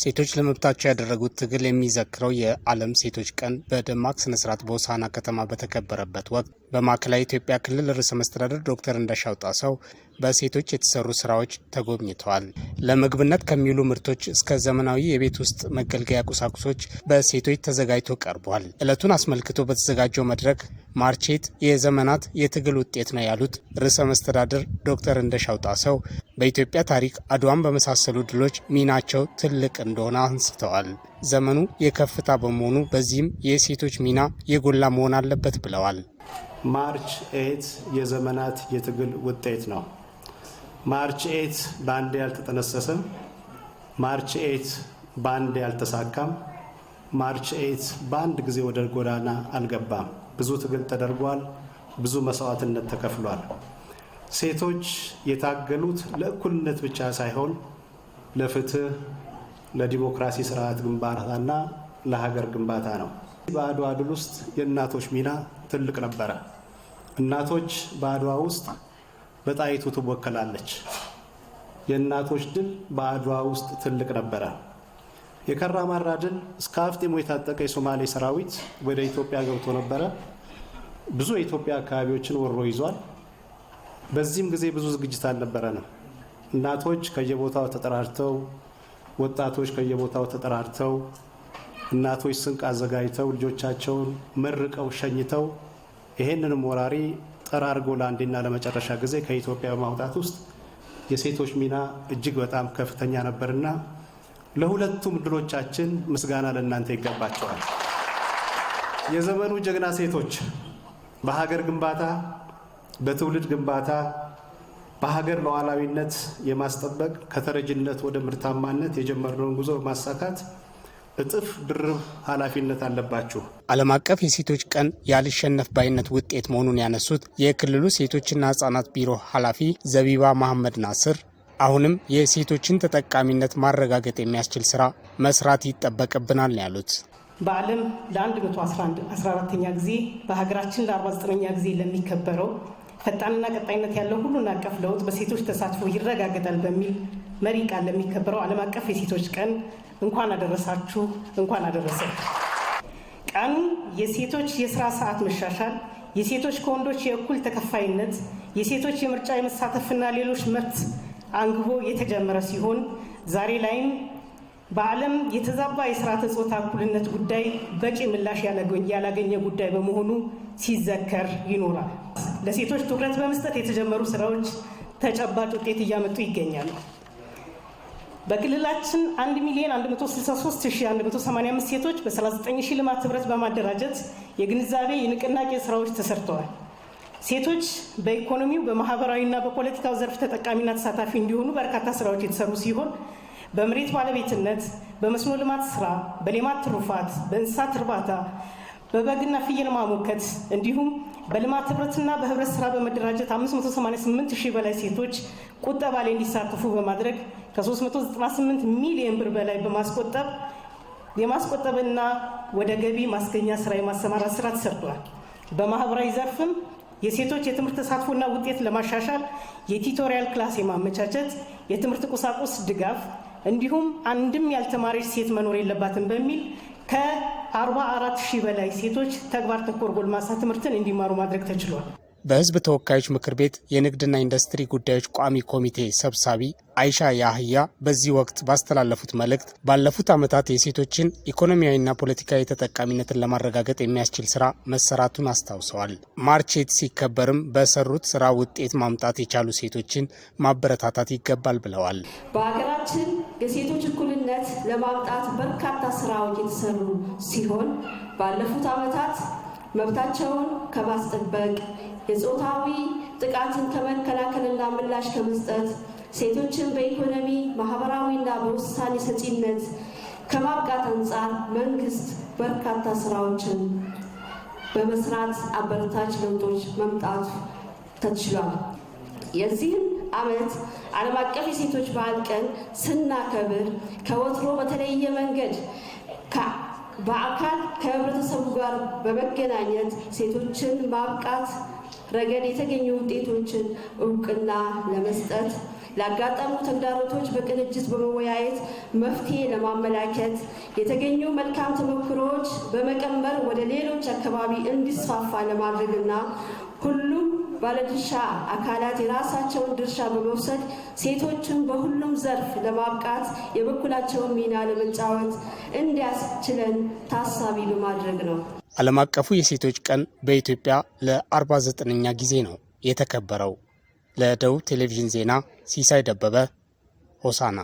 ሴቶች ለመብታቸው ያደረጉት ትግል የሚዘክረው የዓለም ሴቶች ቀን በደማቅ ስነስርዓት በሆሳዕና ከተማ በተከበረበት ወቅት በማዕከላዊ ኢትዮጵያ ክልል ርዕሰ መስተዳደር ዶክተር እንዳሻው ጣሰው በሴቶች የተሰሩ ስራዎች ተጎብኝተዋል። ለምግብነት ከሚውሉ ምርቶች እስከ ዘመናዊ የቤት ውስጥ መገልገያ ቁሳቁሶች በሴቶች ተዘጋጅቶ ቀርቧል። ዕለቱን አስመልክቶ በተዘጋጀው መድረክ ማርቼት የዘመናት የትግል ውጤት ነው ያሉት ርዕሰ መስተዳድር ዶክተር እንደሻው ጣሰው በኢትዮጵያ ታሪክ አድዋን በመሳሰሉ ድሎች ሚናቸው ትልቅ እንደሆነ አንስተዋል። ዘመኑ የከፍታ በመሆኑ በዚህም የሴቶች ሚና የጎላ መሆን አለበት ብለዋል። ማርች ኤት የዘመናት የትግል ውጤት ነው። ማርች ኤት በአንድ ያልተጠነሰሰም፣ ማርች ኤት በአንድ ያልተሳካም ማርች ኤይት በአንድ ጊዜ ወደ ጎዳና አልገባም። ብዙ ትግል ተደርጓል። ብዙ መስዋዕትነት ተከፍሏል። ሴቶች የታገሉት ለእኩልነት ብቻ ሳይሆን ለፍትህ፣ ለዲሞክራሲ ስርዓት ግንባታና ለሀገር ግንባታ ነው። በአድዋ ድል ውስጥ የእናቶች ሚና ትልቅ ነበረ። እናቶች በአድዋ ውስጥ በጣይቱ ትወከላለች። የእናቶች ድል በአድዋ ውስጥ ትልቅ ነበረ። የከራ ማራ እስከ አፍጢሙ የታጠቀ የሶማሌ ሰራዊት ወደ ኢትዮጵያ ገብቶ ነበረ። ብዙ የኢትዮጵያ አካባቢዎችን ወሮ ይዟል። በዚህም ጊዜ ብዙ ዝግጅት ነው። እናቶች ከየቦታው ተጠራርተው፣ ወጣቶች ከየቦታው ተጠራርተው፣ እናቶች ስንቅ አዘጋጅተው ልጆቻቸውን መርቀው ሸኝተው ይሄንንም ወራሪ ጠራርጎ ለአንዴና ለመጨረሻ ጊዜ ከኢትዮጵያ በማውጣት ውስጥ የሴቶች ሚና እጅግ በጣም ከፍተኛ ነበርና ለሁለቱም ድሎቻችን ምስጋና ለእናንተ ይገባቸዋል። የዘመኑ ጀግና ሴቶች በሀገር ግንባታ፣ በትውልድ ግንባታ፣ በሀገር ሉዓላዊነት የማስጠበቅ ከተረጅነት ወደ ምርታማነት የጀመርነውን ጉዞ በማሳካት እጥፍ ድርብ ኃላፊነት አለባችሁ። ዓለም አቀፍ የሴቶች ቀን ያልሸነፍ ባይነት ውጤት መሆኑን ያነሱት የክልሉ ሴቶችና ሕጻናት ቢሮ ኃላፊ ዘቢባ መሐመድ ናስር አሁንም የሴቶችን ተጠቃሚነት ማረጋገጥ የሚያስችል ስራ መስራት ይጠበቅብናል ያሉት። በዓለም ለ114ኛ ጊዜ በሀገራችን ለ49ኛ ጊዜ ለሚከበረው ፈጣንና ቀጣይነት ያለው ሁሉን አቀፍ ለውጥ በሴቶች ተሳትፎ ይረጋገጣል በሚል መሪ ቃል ለሚከበረው ዓለም አቀፍ የሴቶች ቀን እንኳን አደረሳችሁ፣ እንኳን አደረሰ። ቀኑ የሴቶች የስራ ሰዓት መሻሻል፣ የሴቶች ከወንዶች የእኩል ተከፋይነት፣ የሴቶች የምርጫ የመሳተፍና ሌሎች መብት አንግቦ የተጀመረ ሲሆን ዛሬ ላይም በዓለም የተዛባ የስርዓተ ጾታ እኩልነት ጉዳይ በቂ ምላሽ ያላገኘ ጉዳይ በመሆኑ ሲዘከር ይኖራል። ለሴቶች ትኩረት በመስጠት የተጀመሩ ስራዎች ተጨባጭ ውጤት እያመጡ ይገኛሉ። በክልላችን 1 ሚሊዮን 163185 ሴቶች በ39 ሺህ ልማት ህብረት በማደራጀት የግንዛቤ የንቅናቄ ስራዎች ተሰርተዋል። ሴቶች በኢኮኖሚው በማህበራዊና በፖለቲካው ዘርፍ ተጠቃሚና ተሳታፊ እንዲሆኑ በርካታ ስራዎች የተሰሩ ሲሆን በመሬት ባለቤትነት፣ በመስኖ ልማት ስራ፣ በሌማት ትሩፋት፣ በእንስሳት እርባታ፣ በበግና ፍየል ማሞከት እንዲሁም በልማት ህብረትና በህብረት ስራ በመደራጀት 588 ሺህ በላይ ሴቶች ቁጠባ ላይ እንዲሳተፉ በማድረግ ከ398 ሚሊዮን ብር በላይ በማስቆጠብ የማስቆጠብና ወደ ገቢ ማስገኛ ስራ የማሰማራት ስራ ተሰርቷል። በማህበራዊ ዘርፍም የሴቶች የትምህርት ተሳትፎና ውጤት ለማሻሻል የቲቶሪያል ክላስ የማመቻቸት የትምህርት ቁሳቁስ ድጋፍ እንዲሁም አንድም ያልተማረች ሴት መኖር የለባትም በሚል ከ44 ሺህ በላይ ሴቶች ተግባር ተኮር ጎልማሳ ትምህርትን እንዲማሩ ማድረግ ተችሏል። በህዝብ ተወካዮች ምክር ቤት የንግድና ኢንዱስትሪ ጉዳዮች ቋሚ ኮሚቴ ሰብሳቢ አይሻ ያህያ በዚህ ወቅት ባስተላለፉት መልእክት ባለፉት ዓመታት የሴቶችን ኢኮኖሚያዊና ፖለቲካዊ ተጠቃሚነትን ለማረጋገጥ የሚያስችል ስራ መሰራቱን አስታውሰዋል። ማርቼት ሲከበርም በሰሩት ስራ ውጤት ማምጣት የቻሉ ሴቶችን ማበረታታት ይገባል ብለዋል። በሀገራችን የሴቶች እኩልነት ለማምጣት በርካታ ስራዎች የተሰሩ ሲሆን ባለፉት ዓመታት መብታቸውን ከማስጠበቅ የጾታዊ ጥቃትን ከመከላከልና ምላሽ ከመስጠት ሴቶችን በኢኮኖሚ ማህበራዊና በውሳኔ ሰጪነት ከማብቃት አንጻር መንግስት በርካታ ስራዎችን በመስራት አበረታች ለውጦች መምጣቱ ተችሏል። የዚህም ዓመት ዓለም አቀፍ የሴቶች በዓል ቀን ስናከብር ከወትሮ በተለየ መንገድ በአካል ከህብረተሰቡ ጋር በመገናኘት ሴቶችን ማብቃት ረገድ የተገኙ ውጤቶችን እውቅና ለመስጠት ላጋጠሙ ተግዳሮቶች በቅንጅት በመወያየት መፍትሄ ለማመላከት የተገኙ መልካም ተሞክሮዎች በመቀመር ወደ ሌሎች አካባቢ እንዲስፋፋ ለማድረግና ሁሉም ባለድርሻ አካላት የራሳቸውን ድርሻ በመውሰድ ሴቶችን በሁሉም ዘርፍ ለማብቃት የበኩላቸውን ሚና ለመጫወት እንዲያስችለን ታሳቢ በማድረግ ነው። ዓለም አቀፉ የሴቶች ቀን በኢትዮጵያ ለ49ኛ ጊዜ ነው የተከበረው። ለደቡብ ቴሌቪዥን ዜና ሲሳይ ደበበ ሆሳና